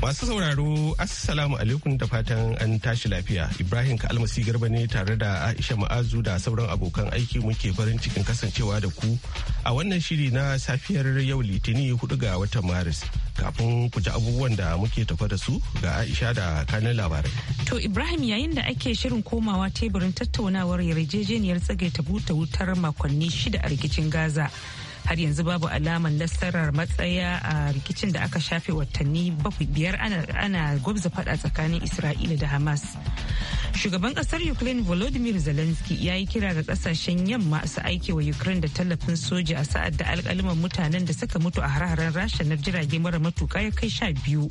Masu sauraro, Assalamu alaikum da fatan an tashi lafiya. Ibrahim Kalmasi Garba ne tare da Aisha Ma'azu da sauran abokan aiki muke farin cikin kasancewa da ku a wannan shiri na safiyar yau Litini hudu ga watan Maris. Kafin ku ji abubuwan da muke tafa da su ga Aisha da kanin labarai. To Ibrahim yayin da ake shirin komawa teburin tattaunawar yarjejeniyar tsagaita buta wutar makonni shida a rikicin Gaza. har yanzu babu alaman nasarar matsaya a rikicin da aka shafe watanni bakwai biyar ana gwabza fada tsakanin isra'ila da hamas shugaban kasar ukraine volodymyr zelensky ya yi kira ga kasashen yamma su aike wa ukraine da tallafin soja a sa'ad da alkaliman mutanen da suka mutu a har-haren rasha na jirage mara matuka ya kai sha biyu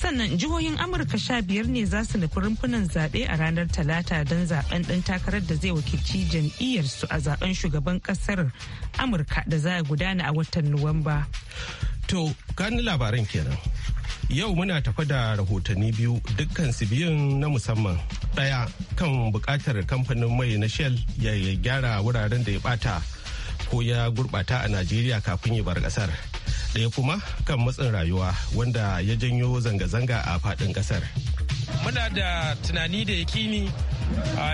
sannan jihohin amurka sha biyar ne za su nufi rumfunan zaɓe a ranar talata don zaɓen ɗan takarar da zai wakilci jam'iyyarsu a zaɓen shugaban ƙasar amurka da za a gudana a watan nuwamba to gani labaran kenan yau muna tafa da rahotanni biyu dukkan su biyun na musamman ɗaya kan buƙatar kamfanin mai na shell ya gyara wuraren da ya ɓata ko ya gurɓata a najeriya kafin ya bar ƙasar ɗaya kuma kan matsin rayuwa wanda ya janyo zanga-zanga a faɗin ƙasar. Muna da tunani da yakini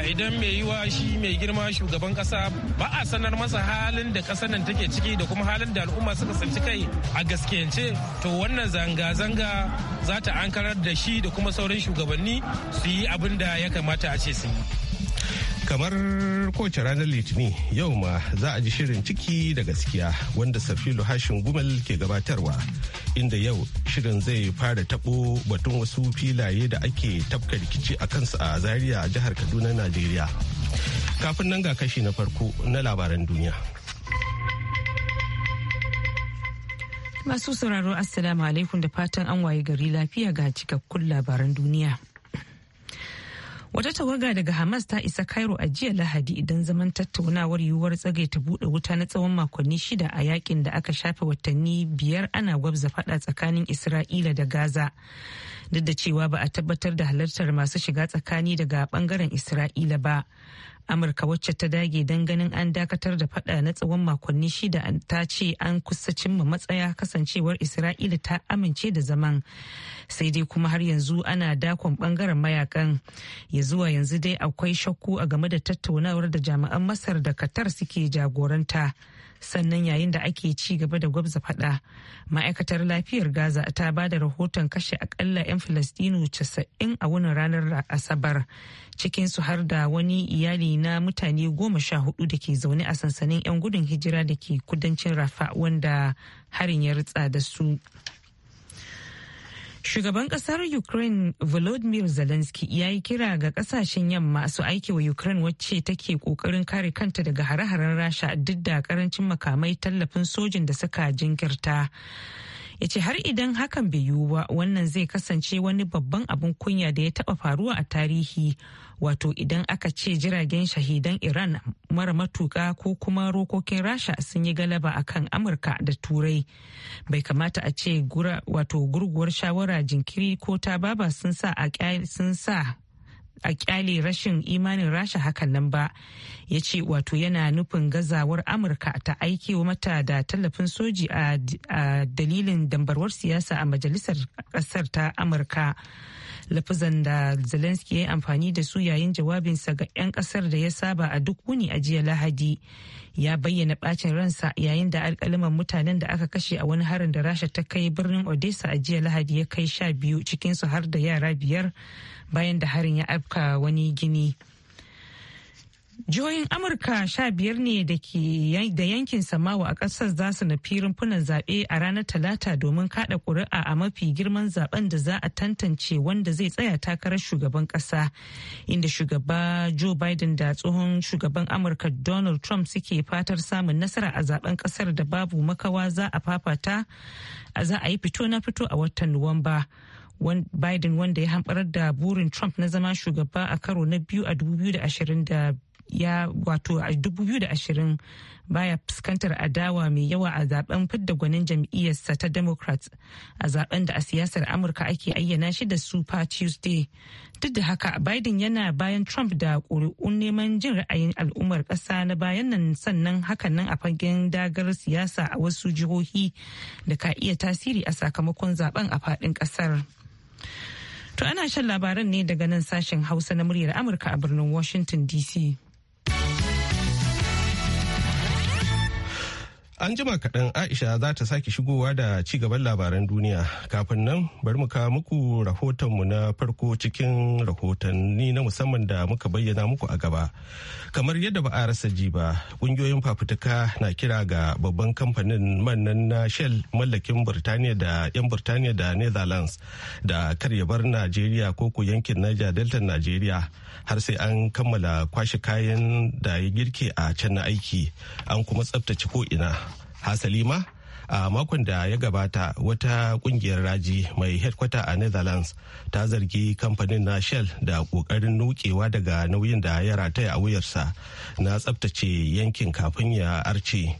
idan mai yiwa shi mai girma shugaban ƙasa ba a sanar masa halin da ƙasar nan take ciki da kuma halin da al'umma suka tsinci kai a gaskiyance to wannan zanga-zanga za ta ankarar da shi da kuma sauran shugabanni su yi abin da ya kamata a ce su yi. kamar kowace ranar litinin yau ma za a ji shirin ciki da gaskiya wanda safilu hashin gumel ke gabatarwa inda yau shirin zai fara tabo batun wasu filaye da ake tafka rikici a kansu a zaria jihar kaduna najeriya kafin nan ga kashi na farko na labaran duniya masu sauraro assalamu alaikum da fatan an waye gari lafiya ga cikakkun labaran duniya wata tawaga daga hamas ta isa cairo a jiya lahadi idan zaman tattaunawar yiwuwar tsage ta bude wuta na tsawon makonni shida a yakin da aka shafe watanni biyar ana gwabza fada tsakanin isra'ila da gaza duk da cewa ba a tabbatar da halartar masu shiga tsakani daga bangaren isra'ila ba amurka wacce ta dage don ganin an dakatar da fada na tsawon makonni shida ta ce an kusa cimma matsaya kasancewar isra'ila ta amince da zaman sai dai kuma har yanzu ana dakon bangaren mayakan ya zuwa yanzu dai akwai shakku a game da tattaunawar da jami'an masar da qatar suke jagoranta sannan yayin da ake ci gaba da gwabza fada ma'aikatar lafiyar gaza ta ba da rahoton kashe akalla 'yan filistinu 90 a wani ranar asabar cikinsu har da wani iyali na mutane goma sha hudu da ke zaune a sansanin 'yan gudun hijira da ke kudancin rafa wanda harin ya ritsa da su Shugaban kasar Ukraine Volodymyr Zelensky ya yi kira ga kasashen yamma su aiki wa Ukraine wacce take kokarin kare kanta daga hare-haren Rasha duk da karancin makamai tallafin sojin da suka jinkirta. ya ce har idan hakan bai yiwu ba wannan zai kasance wani babban abin kunya da ya taba faruwa a tarihi wato idan aka ce jiragen shahidan iran mara matuka ko kuma rokokin rasha sun yi galaba akan amurka da turai bai kamata a ce wato gurguwar shawara jinkiri ko ta baba sun sa a kyale rashin imanin rasha hakan nan ba ya ce wato yana nufin gazawar amurka ta aiki mata da tallafin soji a dalilin dambarwar siyasa a majalisar kasar ta amurka lafazan da zelensky ya yi amfani da su yayin jawabinsa ga 'yan kasar da ya saba a duk wuni a jiya lahadi ya bayyana bacin ransa yayin da alkalaman mutanen da aka kashe a wani harin da rasha ta kai birnin odessa a jiya lahadi ya kai sha biyu cikinsu har da yara biyar bayan da harin ya afka wani gini. Jihohin Amurka sha biyar ne da ke da yankin Samawa a ƙasar za su nufi rumfunan zaɓe a ranar Talata domin kaɗa ƙuri'a a mafi girman zaben da za a tantance wanda zai tsaya takarar shugaban ƙasa. Inda shugaba Joe Biden da tsohon shugaban Amurka Donald Trump suke fatar samun nasara a zaben ƙasar da babu makawa za a fafata a za a yi fito na fito a watan Nuwamba. Biden wanda ya hamɓarar da burin Trump na zama shugaba a karo na biyu a 2020 ya wato a 2020 baya fuskantar adawa mai yawa a zaben fidda gwanin jam'iyyarsa ta democrats a zaben da a siyasar amurka ake ayyana shi da super tuesday duk da haka biden yana bayan trump da ƙuri'un neman jin ra'ayin al'ummar ƙasa na bayan nan sannan hakan nan a fagen dagar siyasa a wasu jihohi da ka iya tasiri a sakamakon zaben a faɗin ƙasar to ana shan labaran ne daga nan sashen hausa na muryar amurka a birnin washington dc An jima kaɗan Aisha za ta sake shigowa da ci gaban labaran duniya. Kafin nan bari mu kawo muku rahotonmu na farko cikin rahotanni na musamman da muka bayyana muku a gaba. Kamar yadda ba a rasa ji ba, ƙungiyoyin fafutuka na kira ga babban kamfanin mannan na Shell mallakin Birtaniya da 'yan Birtaniya da Netherlands da kar ya bar Najeriya ko ku yankin Niger Delta Najeriya har sai an kammala kwashe kayan da ya girke a can na aiki an kuma tsabtace ko ina. Hasalima a makon da ya gabata wata kungiyar raji mai headquarter a netherlands ta zargi kamfanin na shell da kokarin nukewa daga nauyin da ya rataya a wuyarsa na tsabtace yankin kafin ya arce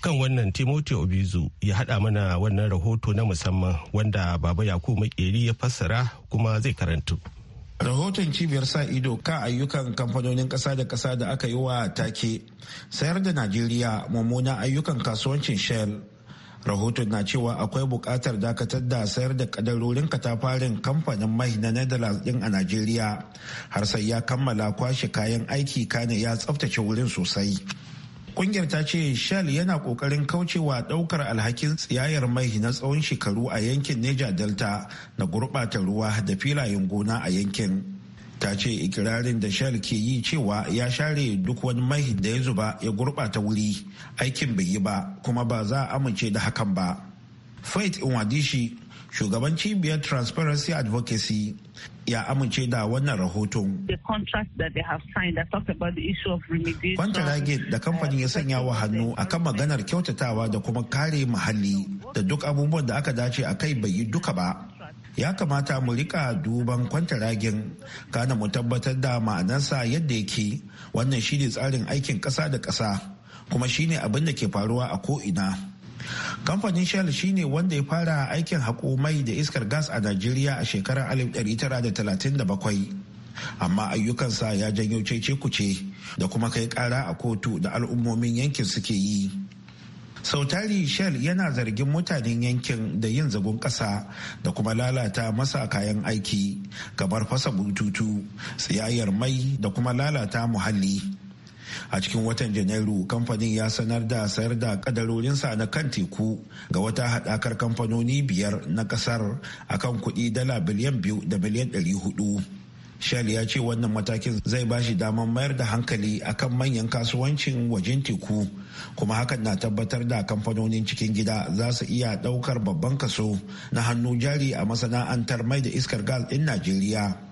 kan wannan timothy obizu ya hada mana wannan rahoto na musamman wanda baba yakubu makeri ya fassara kuma zai karantu rahoton cibiyar sa ido kan ayyukan kamfanonin ƙasa da ƙasa da aka yi wa take sayar da najeriya mummuna ayyukan kasuwancin shell rahoton na cewa akwai buƙatar dakatar da sayar da kadarorin katafarin kamfanin mai na netherlands din a najeriya har sai ya kammala kwashe kayan aiki kane ya tsaftace wurin sosai Kungiyar ta ce Shell yana kokarin kaucewa daukar alhakin tsiyayar mai na tsawon shekaru a yankin Niger Delta na gurbata ruwa da filayen gona a yankin. Ta ce ikirarin da Shell ke yi cewa ya share duk wani mai da ya zuba ya gurbata wuri aikin bai yi ba kuma ba za a amince da hakan ba. Faith wadishi shugaban cibiyar Transparency Advocacy, ya amince da wannan rahoton. Kwantaragin da kamfanin ya sanya wa hannu akan maganar kyautatawa da kuma kare muhalli da duk abubuwan da aka dace a kai bai yi duka ba. Ya kamata mu rika duban kwantaragin kana mu tabbatar da ma'anarsa yadda yake wannan shine tsarin aikin ƙasa da ƙasa kuma shi ne abin da ke faruwa a ko'ina. kamfanin shell shine wanda ya fara aikin haƙo mai da iskar gas a najeriya a shekarar 1937 amma ayyukansa ya janyo cece kuce da kuma kai kara a kotu da al'ummomin yankin suke yi sautari shell yana zargin mutanen yankin da yin zagon ƙasa da kuma lalata masa kayan aiki kamar fasa bututu tsayayyar mai da kuma lalata muhalli a cikin watan janairu kamfanin ya sanar da sayar da kadarorinsa na kan teku ga wata haɗakar kamfanoni biyar na ƙasar akan kuɗi dala biliyan biyu da biliyan ɗari hudu shell ya ce wannan matakin zai ba shi damar mayar da hankali akan manyan kasuwancin wajen teku kuma hakan na tabbatar da kamfanonin cikin gida za su iya daukar babban kaso na hannu jari a masana'antar mai da iskar gas din najeriya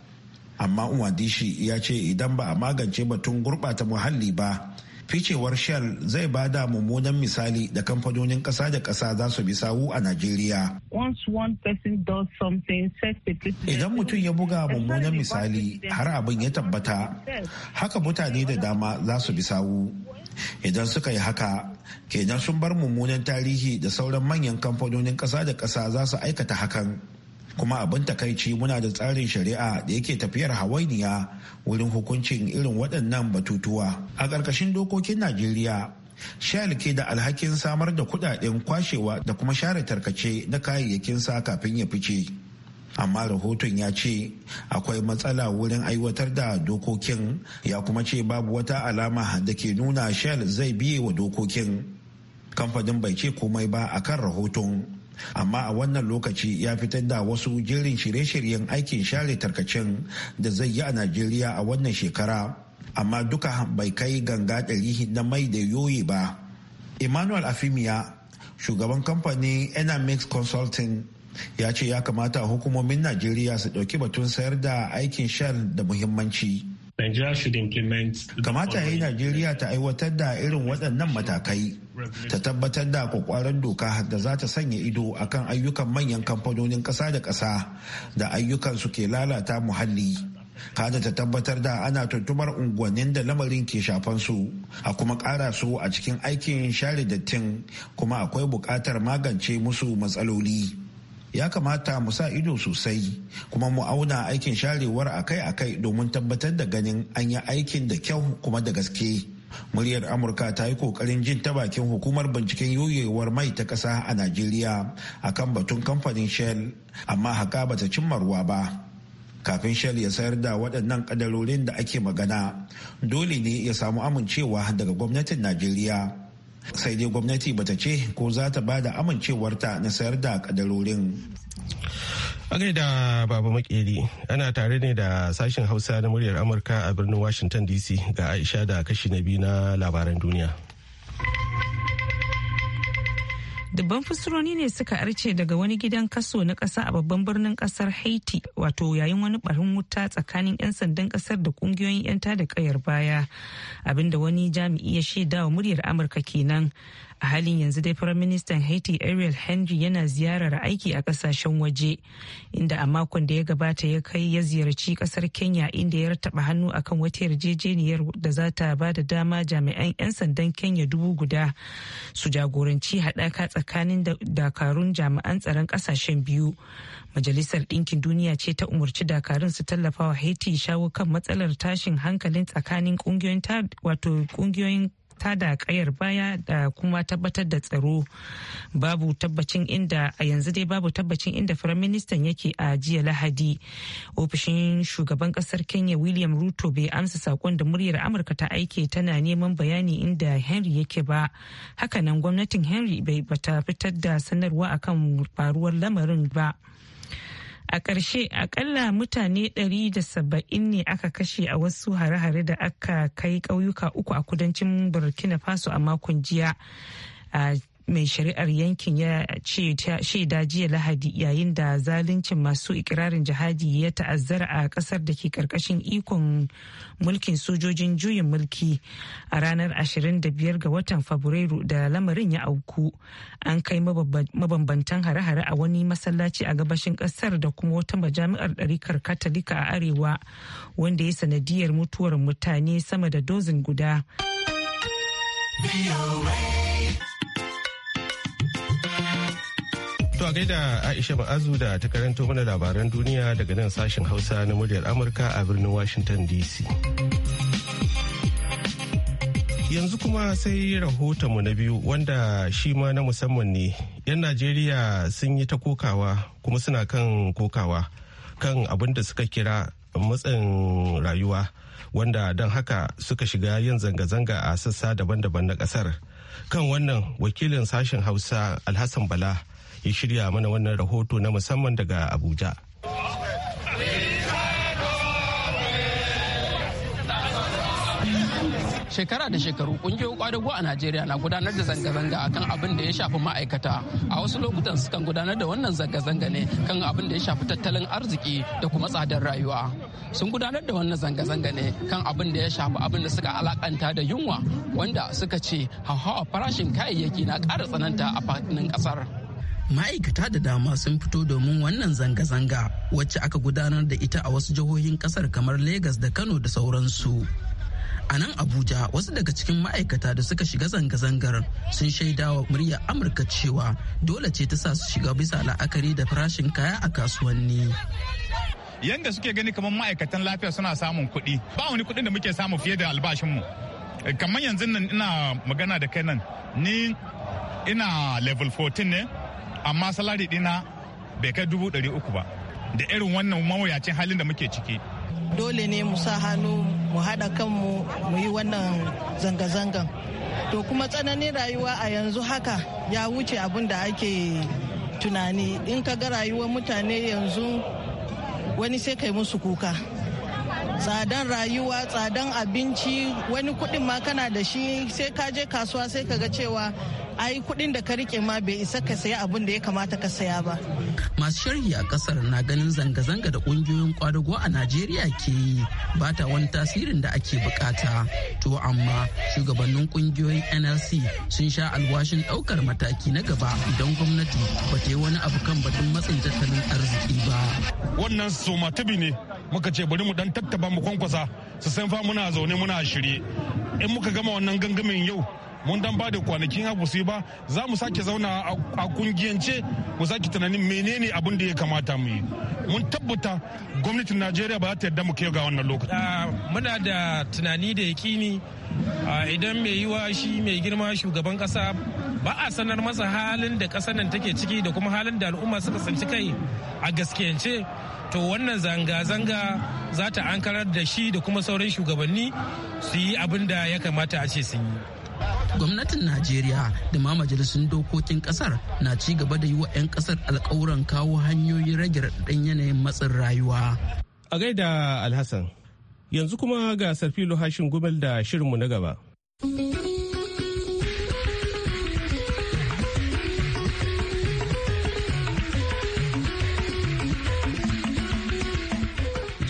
amma umadishi ya ce idan ba a magance batun gurɓata muhalli ba ficewar shell zai ba da mummunan misali da kamfanonin ƙasa da ƙasa za su bi sawu a najeriya idan mutum ya buga mummunan misali har abin ya tabbata haka mutane da dama za su bi sawu idan suka yi haka kenan sun bar mummunan tarihi da sauran manyan kamfanonin ƙasa da ƙasa za su aikata hakan kuma abin takaici muna da tsarin shari'a da yake tafiyar hawainiya wurin hukuncin irin waɗannan batutuwa a ƙarƙashin dokokin najeriya ke da alhakin samar da kudaden kwashewa da kuma share tarkace na kayayyakin sa kafin ya fice amma rahoton ya ce akwai matsala wurin aiwatar da dokokin ya kuma ce babu wata alama da ke nuna shell zai biye wa dokokin kamfanin bai ce komai ba akan rahoton amma a wannan lokaci ya fitar da wasu jirin shirye-shiryen aikin share tarkacen da zai yi a najeriya a wannan shekara amma duka bai kai ganga ɗari na mai da yoyi ba emmanuel afimiya shugaban kamfanin enamix consulting ya ce ya kamata hukumomin najeriya su ɗauki batun sayar da aikin shan da muhimmanci kamata ya yi najeriya ta aiwatar da irin waɗannan matakai ta tabbatar da kwakwaran doka da za ta sanya ido akan ayyukan manyan kamfanonin ƙasa da ƙasa da ayyukan su ke lalata muhalli kada ta tabbatar da ana tuntumar unguwannin da lamarin ke shafan su a kuma ƙara su a cikin aikin share dattin kuma akwai buƙatar magance musu matsaloli ya kamata mu sa ido sosai kuma mu auna aikin sharewar akai-akai domin tabbatar da ganin an yi aikin da kyau kuma da gaske. muryar amurka ta yi kokarin jin ta bakin hukumar binciken yoyewar mai ta kasa a najeriya akan batun kamfanin shell amma haka bata cimma ruwa ba kafin shell ya sayar da waɗannan kadarorin da ake magana dole ne ya samu amincewa daga gwamnatin najeriya sai dai gwamnati bata ce ko za ta ba da amincewarta na sayar da kadarorin A gaida Baba Makeri ana tare ne da sashen Hausa na muryar Amurka a birnin Washington DC ga Aisha da kashi na biyu na labaran duniya. Dubban fusuroni ne suka arce daga wani gidan kaso na kasa a babban birnin kasar Haiti wato yayin wani barin wuta tsakanin 'yan sandan kasar da kungiyoyin 'yan tada kayar baya abinda wani jami'i ya shaidawa muryar Amurka kenan a halin yanzu dai firaministan haiti ariel henry yana ziyarar aiki a kasashen waje inda a makon da ya gabata ya kai ya ziyarci kasar kenya inda ya rataba hannu akan wata yarjejeniyar da za ta ba da dama jami'an 'yan sandan kenya dubu guda su jagoranci haɗaka tsakanin dakarun jami'an tsaron kasashen biyu majalisar ɗinkin duniya ce ta umarci dakarun su tallafa wa haiti shawo kan matsalar tashin hankalin tsakanin ƙungiyoyin ta da kayar baya da kuma tabbatar da tsaro babu tabbacin inda a yanzu dai babu tabbacin inda firaministan yake a jiya lahadi ofishin shugaban kasar kenya william ruto bai amsa sakon da muryar amurka ta aike tana neman bayani inda henry yake ba hakanan gwamnatin henry bai bata fitar da sanarwa akan faruwar lamarin ba. a ƙarshe akalla mutane 170 ne aka kashe a wasu hare-hare da aka kai ƙauyuka uku a kudancin burkina faso a makon jiya a mai shari'ar yankin ya ce shaida jiya lahadi yayin da zaluncin masu ikirarin jihadi ya ta'azzara a kasar da ke karkashin ikon mulkin sojojin juyin mulki a ranar 25 ga watan fabrairu da lamarin ya auku an kai mabambantan hare-hare a wani masallaci a gabashin kasar da kuma wata majami'ar ɗarikar katolika a arewa wanda ya sanadiyar mutuwar mutane sama da dozin guda. To a gaida Aisha Ma'azu da ta karanto mana labaran duniya daga nan sashen Hausa na muryar Amurka a birnin Washington DC. Yanzu kuma sai rahotonmu na biyu wanda shi ma na musamman ne. 'Yan Najeriya sun yi ta kokawa kuma suna kan kokawa kan abin da suka kira matsin rayuwa wanda don haka suka shiga yin zanga-zanga a sassa daban-daban na kasar. kan wannan wakilin sashen hausa alhassan bala ya shirya mana wannan rahoto na musamman daga abuja shekara da shekaru kungiyoyin kwadago a najeriya na gudanar da zanga-zanga akan abin da ya shafi ma'aikata a wasu lokutan sukan gudanar da wannan zanga-zanga ne kan abin da ya shafi tattalin arziki da kuma tsadar rayuwa sun gudanar da wannan zanga-zanga ne kan abin da ya shafi abin da suka alakanta da yunwa wanda suka ce hauhawa farashin kayayyaki na ƙara tsananta a fadin kasar. ma'aikata da dama sun fito domin wannan zanga-zanga wacce aka gudanar da ita a wasu jihohin kasar kamar Legas da Kano da sauransu. a nan abuja wasu daga cikin ma'aikata da suka shiga zanga-zangar sun shaida wa murya amurka cewa dole ce ta sa su shiga bisa la'akari da farashin kaya a kasuwanni yanda suke gani kamar ma'aikatan lafiya suna samun kuɗi ba wani kuɗin da muke samu fiye da albashinmu kamar yanzu nan ina magana da kai nan ni ina level 14 ne amma salari dina bai kai dubu ɗari uku ba da irin wannan mawuyacin halin da muke ciki dole ne mu sa hannu mu haɗa kanmu mu yi wannan zanga-zangan to kuma tsananin rayuwa a yanzu haka ya wuce abin da ake tunani in ka ga rayuwar mutane yanzu wani sai kai musu kuka tsadan rayuwa tsadan abinci wani kudin ma kana da shi sai ka je kasuwa sai ka ga cewa ai kuɗin da ka rike ma bai isa ka saya abin da ya kamata ka saya ba masu sharhi a kasar na ganin zanga-zanga da ƙungiyoyin kwadago a najeriya ke yi ba ta wani tasirin da ake bukata to amma shugabannin ƙungiyoyin nlc sun sha alwashin ɗaukar mataki na gaba idan gwamnati ba ta yi wani abu kan batun matsin tattalin arziki ba wannan somatabi ne muka ce bari mu dan tattaba mu kwankwasa su san fa muna zaune muna shirye in muka gama wannan gangamin yau mun dan ba da kwanakin haku su ba za mu sake zauna a kungiyance mu sake tunanin menene abin da ya kamata mu yi mun tabbata gwamnatin najeriya ba za ta yarda mu kai ga wannan lokaci ah, muna da tunani da yakini ah, idan mai yiwa shi mai girma shugaban kasa ba a sanar masa halin da kasar nan take ciki da kuma halin da al'umma suka sanci kai a gaskiyance to wannan zanga-zanga za ta ankarar da shi da kuma sauran shugabanni su yi abin da ya kamata a ce sun yi gwamnatin najeriya da ma majalisun dokokin kasar na ci gaba da yi wa 'yan kasar alkawuran kawo hanyoyin rage raɗaɗɗen yanayin matsin rayuwa a gaida alhassan yanzu kuma ga sarfilo hashin gumel da shirinmu na gaba.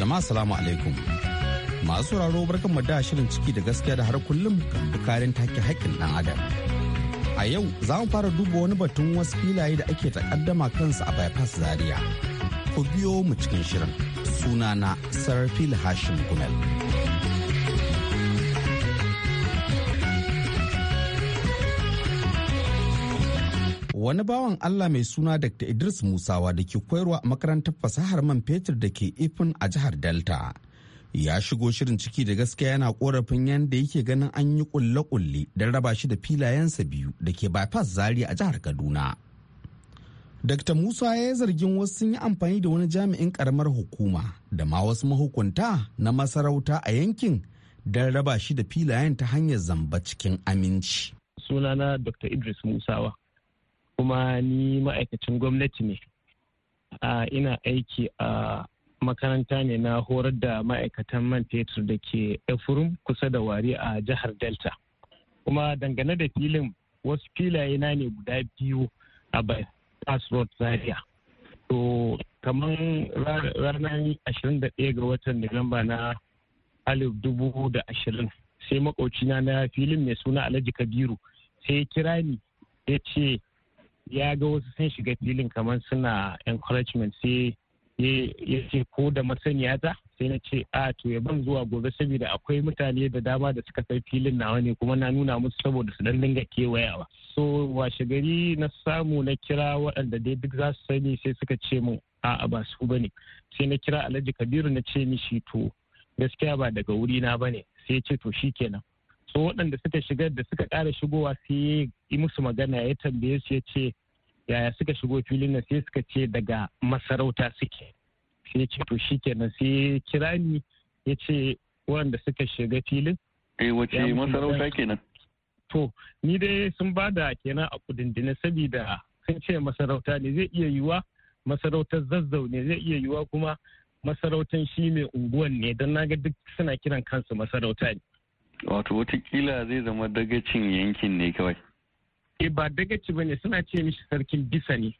Jama'a salamu alaikum. Masu sauraro barkan da shirin ciki da gaskiya da har kullum bukarin take haƙƙin ɗan adam. A yau za mu fara duba wani batun wasu filaye da ake takaddama kansu a bypass Zaria. Ku biyo mu cikin shirin. Sunana Sarfil Hashim Gumel. wani bawan Allah mai suna Dr. Idris Musawa da ke koyarwa a makarantar fasahar man fetur da ke Ifin a jihar Delta. Ya shigo shirin ciki da gaskiya yana korafin yadda yake ganin an yi kulle-kulle don raba shi da filayensa biyu da ke bypass zari a jihar Kaduna. Dr. Musa ya yi zargin wasu sun yi amfani da wani jami'in karamar hukuma da ma wasu mahukunta na masarauta a yankin don raba shi da filayen ta hanyar zamba cikin aminci. Sunana Dr. Idris Musawa. kuma ni ma'aikacin gwamnati ne ina aiki a makaranta ne na horar da ma'aikatan man fetur da ke efurum kusa da wari a jihar delta kuma dangane da filin wasu filaye na ne guda biyu a bypass road zaria to kamar ranar 21 ga watan nuwamba na alif dubu da ashirin sai makaucina na filin mai suna alhaji kabiru sai ya kira ni ya ce ya ga wasu sun shiga filin kamar suna encouragement sai ya ce ko da masaniya ta sai na ce a to ya ban zuwa gobe saboda akwai mutane da dama da suka sai filin nawa ne kuma na nuna musu saboda su dan dinga kewayawa so washe gari na samu na kira waɗanda dai duk za su sani sai suka ce min a'a ba su bane sai na kira alhaji kabiru na ce mishi to gaskiya ba daga wuri na bane sai ya ce to shikenan so waɗanda suka shiga da suka ƙara shigowa sai yi musu magana ya tambaye su ya ce yaya suka shigo filin nan sai suka ce daga masarauta suke sai ya ce to shi kenan sai kira ni ya ce waɗanda suka shiga filin eh wace masarauta kenan to ni dai sun ba da kenan a kudindina sabida sun ce masarauta ne zai iya yiwuwa masarautar zazzau ne zai iya yiwuwa kuma masarautan shi mai unguwan ne don naga duk suna kiran kansu masarauta ne Wato watakila zai zama dagacin yankin ne kawai. E ba dagaci ba ne suna ce mishi sarkin bisa ne.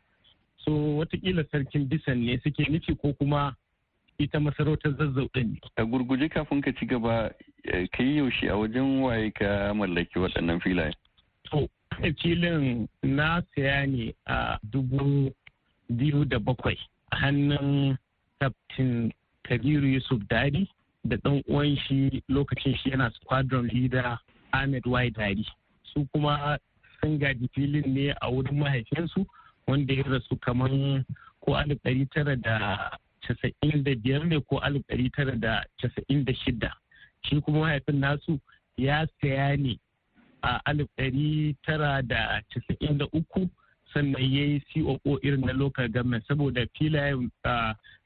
So watakila sarkin bisa ne suke nufi ko kuma ita masarautar zazzau ɗin. A gurguje kafin ka ci gaba eh, ka yi yaushe a wajen waye ka mallaki waɗannan filaye. To filin na saya ne a dubu biyu da bakwai a hannun Kaftin Kabiru Yusuf Dadi da ɗan uwan shi lokacin shi yana squadron leader ahmed y dari su kuma sun gaji filin ne a wurin mahaifinsu wanda ya rasu kamar ko alif ɗari tara da casa'in da biyar ne ko alif ɗari tara da casa'in da shida shi kuma mahaifin nasu ya saya ne a alif ɗari tara da casa'in da uku sannan ya yi coo irin na local government saboda filayen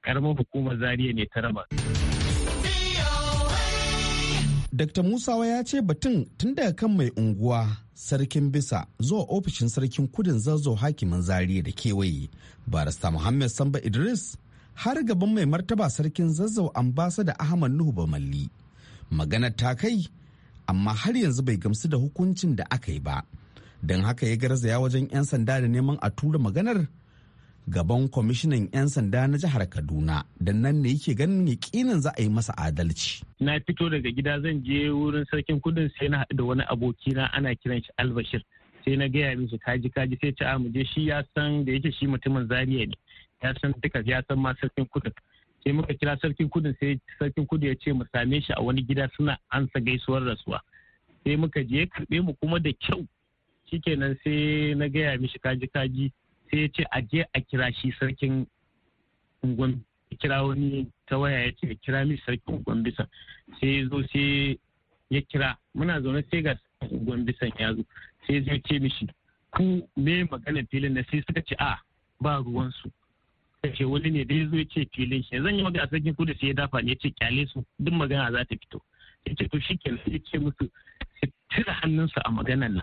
karamar hukumar zariya ne ta raba. Dr. Musawa ya ce batun tun daga kan mai unguwa sarkin bisa zuwa ofishin sarkin kudin zazzau hakimin zariya da kewaye barista Muhammad Samba Idris har gaban mai martaba sarkin zazzau ambasada Ahmad Nuhu Bamalli. Maganar ta kai amma har yanzu bai gamsu da hukuncin da aka yi ba. Don haka ya garzaya wajen 'yan sanda da neman a tura maganar gaban kwamishinan 'yan sanda na jihar kaduna don nan ne yake ganin yakinin za a yi masa adalci na fito daga gida zan je wurin sarkin kudin sai na haɗu da wani abokina ana kiran shi albashir sai na gaya musu kaji kaji sai ci a muje shi ya san da yake shi mutumin zaria ne ya san duka ya san ma sarkin kudin sai muka kira sarkin kudin sai sarkin kudin ya ce mu same shi a wani gida suna ansa gaisuwar rasuwa sai muka je karbe mu kuma da kyau shikenan sai na gaya mishi kaji kaji sai ya ce a je a kira shi sarkin unguwan kira wani ta waya ya ce kira mi sarkin unguwan bisan sai ya zo sai ya kira muna zaune sai ga sarkin bisan ya zo sai ya ce mishi ku me magana filin na sai suka ce a ba ruwansu ke wani ne dai zo ya ce filin shi zan yi magana a sarkin kudu sai ya dafa ne ya ce kyale su duk magana za ta fito ya ce to shi kenan ya ce musu su tura hannunsu a maganan nan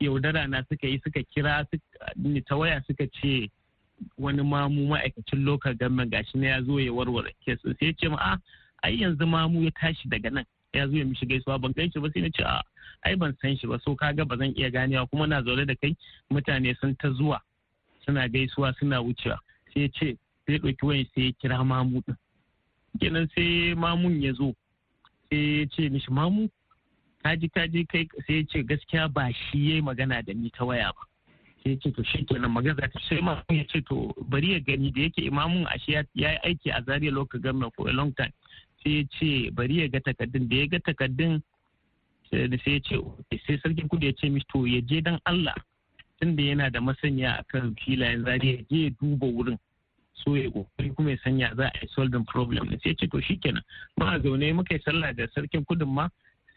yaudara na suka yi suka kira ni ta waya suka ce wani mamu ma'aikacin local government gashi na ya zo ya warware kesin sai ya ce ma ah, ai yanzu mamu ya tashi daga nan ya zo ya mishi gaisuwa ban gan shi ba sai na ce a ah, ai ban san shi ba so kaga ba zan iya ganewa kuma na zaune da kai mutane sun ta zuwa suna gaisuwa suna wucewa sai ya ce sai ya ɗauki wani sai ya kira mamu din kenan sai mamun ya zo sai ya ce mishi mamu kaji kaji kai sai ya ce gaskiya ba shi yayi magana da ni ta waya ba sai ya ce to shi kenan magana ta sai mamun ya ce to bari ya gani da yake imamun ashe ya yi aiki a Zariya lokacin government ko a long time sai ya ce bari ya ga takaddun da ya ga takaddun sai ya ce sai sarkin kudu ya ce mishi to ya je dan Allah tunda yana da masaniya akan filayen zariya. ya je ya duba wurin so ya kokari kuma ya sanya za a yi solving problem ne sai ce to shikenan ma a zaune muka yi sallah da sarkin kudin ma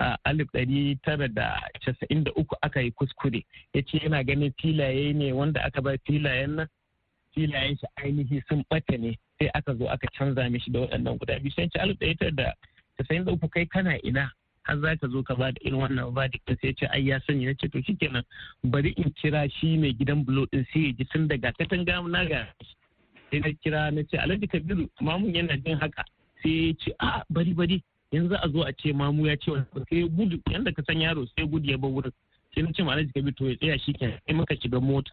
alif ɗari aka yi kuskure ya ce yana ganin filaye ne wanda aka bar filayen nan filayen shi ainihi sun bata ne sai aka zo aka canza mishi da waɗannan guda biyu sai alif ɗari tara kai kana ina har za ka zo ka ba da irin wannan verdict sai ce ai ya sanya na ce to shikenan bari in kira shi mai gidan bulo din sai ya ji tun daga katanga na ga sai na kira na ce alhaji kabiru mamun yana jin haka sai ya ce a bari bari yanzu a zo a ce mamu ya ce wani sai gudu yanda ka san yaro sai gudu ya bar wurin sai na ce ma alhaji kabi to ya tsaya shi ke sai muka shiga mota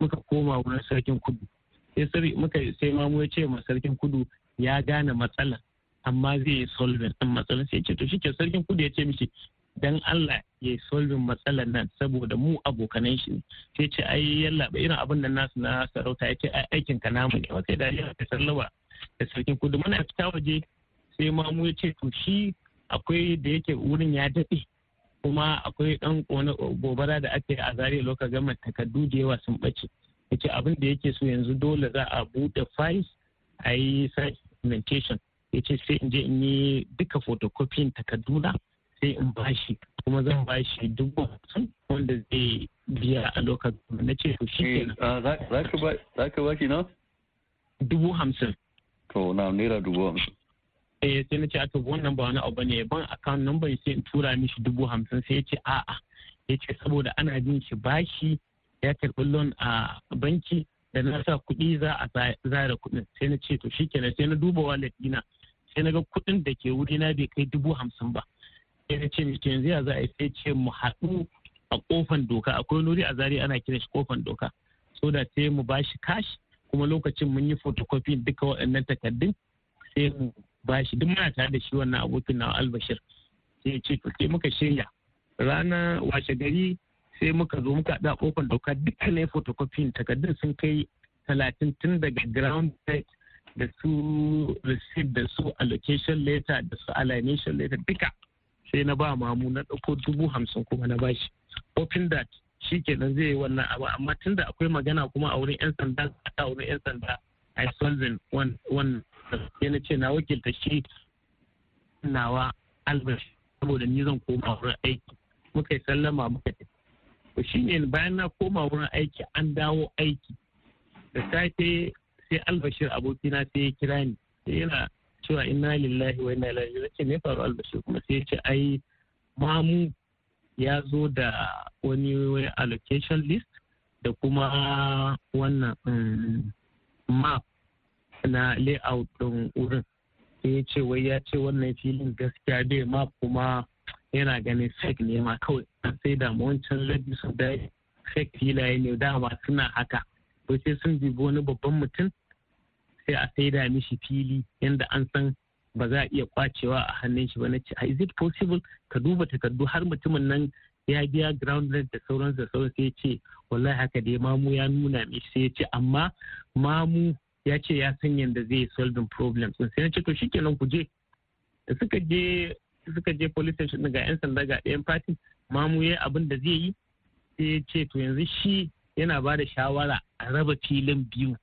muka koma wurin sarkin kudu sai sai muka sai mamu ya ce ma sarkin kudu ya gane matsala amma zai yi solving din matsalar sai ce to shi ke sarkin kudu ya ce mishi dan Allah ya yi solving matsalar nan saboda mu abokanan shi sai ce ai yalla irin abin nan nasu na sarauta ya ce aikin ka namu ne wa sai da ya sallaba da sarkin kudu muna fita waje sai mamu ya ce to shi akwai da yake wurin ya daɗe kuma akwai ɗan eh, gobara da aka yi a zare lokacin gama takardu da yawa sun ɓace ya ce abin da yake so yanzu dole za a buɗe files a yi documentation ya ce sai in je in yi duka photocopying na sai in bashi kuma zan bashi dubu wanda zai biya a lokacin na ce to shi eh, ah, za ka bashi na dubu hamsin to na naira dubu hamsin eh sai na ce a to wannan ba wani abu ne ban account number sai in tura mishi dubu hamsin sai ya ce a'a ya ce saboda ana bin shi bashi ya karɓi loan a banki da na sa kuɗi za a zara kuɗin sai na ce to shikenan sai na duba wallet dina sai na ga kuɗin da ke wuri na bai kai dubu hamsin ba sai na ce yanzu ya za a sai ce mu haɗu a kofan doka akwai nuri a zari ana kiran shi kofan doka so da sai mu bashi kashi kuma lokacin mun yi photocopy duka waɗannan takardun sai mu bashi duk muna tare da shi wannan abokin na albashir sai ce to sai muka shirya rana washe gari sai muka zo muka da kofar dauka dukkanin photocopying takardun sun kai talatin tun daga ground set da su receipt da su allocation letter da su alienation letter duka sai na ba mamu na dauko dubu hamsin kuma na bashi open that shi kenan zai yi wannan abu amma tunda akwai magana kuma a wurin yan sanda a wurin yan sanda a solving wannan sai na ce na wakilta shi nawa albert saboda ni zan koma wurin aiki muka yi sallama muka tafi to ne bayan na koma wurin aiki an dawo aiki da safe sai albashir abokina sai ya kira ni sai yana cewa inna lillahi wa inna ilaihi ce me faru albashir kuma sai ya ce ai mamu ya zo da wani allocation list da kuma wannan mm, map na layout ɗin wurin sai ya ce wai ya ce wannan filin gaskiya bai ma kuma yana ganin fake ne ma kawai sai da wancan su da fake filaye ne dama suna haka to sai sun bibi wani babban mutum sai a saida mishi fili yanda an san ba za a iya kwacewa a hannun shi ba na ce is it possible ka duba takardu har mutumin nan ya biya ground rent da sauransu da sauransu sai ya ce wallahi haka dai mamu ya nuna mishi sai ya ce amma mamu ya ce ya san yadda zai solving problems sai na ce to shikenan ku je da suka je suka je police station ga yan sanda ga ɗayan party mamu ya abin da zai yi sai ya ce to yanzu shi yana ba da shawara a raba filin biyu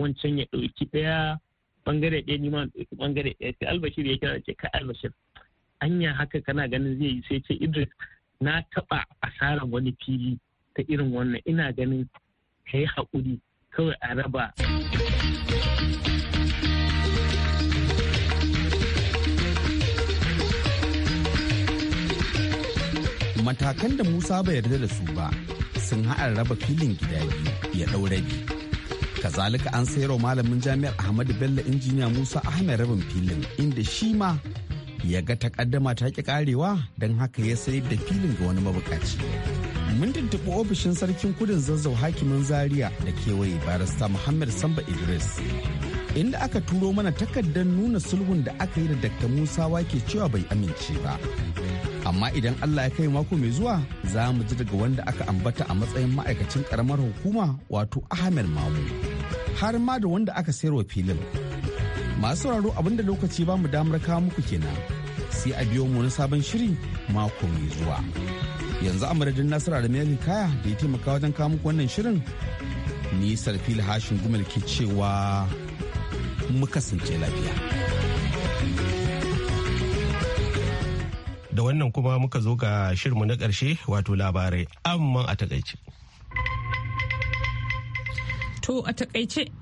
wancan ya ɗauki ɗaya bangare ɗaya ni ma ɗauki bangare ɗaya sai albashir ya kira ce kai albashir anya haka kana ganin zai yi sai ce idris na taɓa asarar wani fili ta irin wannan ina ganin ka hakuri kawai a raba. matakan da musa bai yarda da su ba sun haɗa raba filin gida ya ɗaure bi. kazalika an sayarwa malamin jami'ar ahmadu bello injiniya musa ahmed rabin filin inda shi ma ya ga takaddama ta ki karewa don haka ya sayar da filin ga wani mabukaci mun tuntuɓi ofishin sarkin kudin zazzau hakimin zaria da kewaye barista muhammad samba idris inda aka turo mana takardar nuna sulhun da aka yi da dr musa wake cewa bai amince ba amma idan allah ya kai mako mai zuwa za mu ji daga wanda aka ambata a matsayin ma'aikacin karamar hukuma wato ahmed mamu har ma da wanda aka sayar wa filin masu sauraro abinda lokaci ba mu damar kawo muku kenan sai a biyo mu na sabon shiri mako mai zuwa yanzu a madadin nasara da mai kaya da ya taimaka wajen kawo muku wannan shirin ni sarfil hashin gumal ke cewa mu kasance lafiya. da wannan kuma muka zo ga shirmu na ƙarshe wato labarai amma a takaice. To a takaice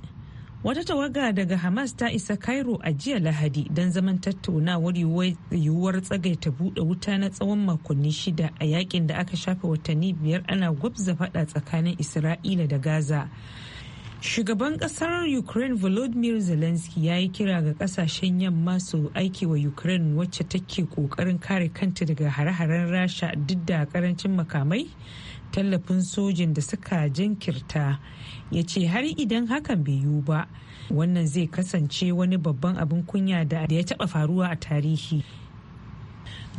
wata tawaga daga Hamas ta isa Cairo a jiya Lahadi don zaman tattaunawar yiwuwar tsagaita buɗe wuta na tsawon makonni shida a yakin da aka shafe watanni biyar ana gwabza faɗa tsakanin Isra'ila da Gaza. Shugaban kasar Ukraine Volodymyr Zelensky ya yi kira ga kasashen yamma su aiki wa Ukraine wacce take kokarin kare kanta daga hare-haren Rasha duk da karancin makamai, tallafin sojin da suka jinkirta. Ya ce har idan hakan bai yiwu ba, wannan zai kasance wani babban abin kunya da ya taɓa faruwa a tarihi.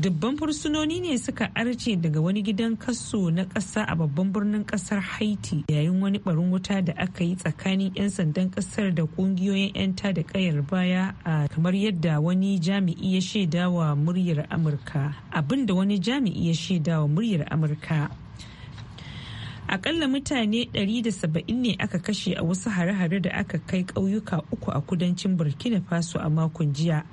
dubban fursunoni ne suka arce daga wani gidan kaso na ƙasa a babban birnin ƙasar haiti yayin wani barin wuta da aka yi tsakanin 'yan sandan ƙasar da ƙungiyoyin 'yan ta da ƙayar baya a kamar yadda wani jami'i ya shaidawa muryar amurka da wani jami'i ya shaidawa muryar amurka akalla mutane 170 ne aka kashe a wasu hare-hare da aka kai ƙauyuka uku a kudancin burkina faso a makon jiya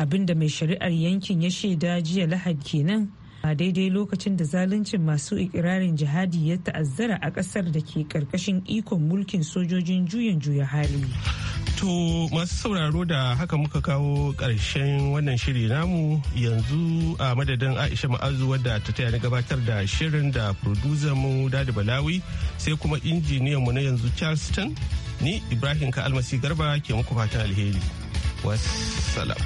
abinda mai shari'ar yankin ya shaida jiya lahad kenan a daidai lokacin da zaluncin masu ikirarin jihadi ya ta'azzara a kasar da ke karkashin ikon mulkin sojojin juyin juya hali. To masu sauraro da haka muka kawo ƙarshen wannan shiri namu yanzu a madadin Aisha Ma'azu wadda ta taya ni gabatar da shirin da producer mu Dadi Balawi sai kuma injiniyanmu na yanzu Charleston ni Ibrahim Ka Almasi Garba ke muku fatan alheri. wassalam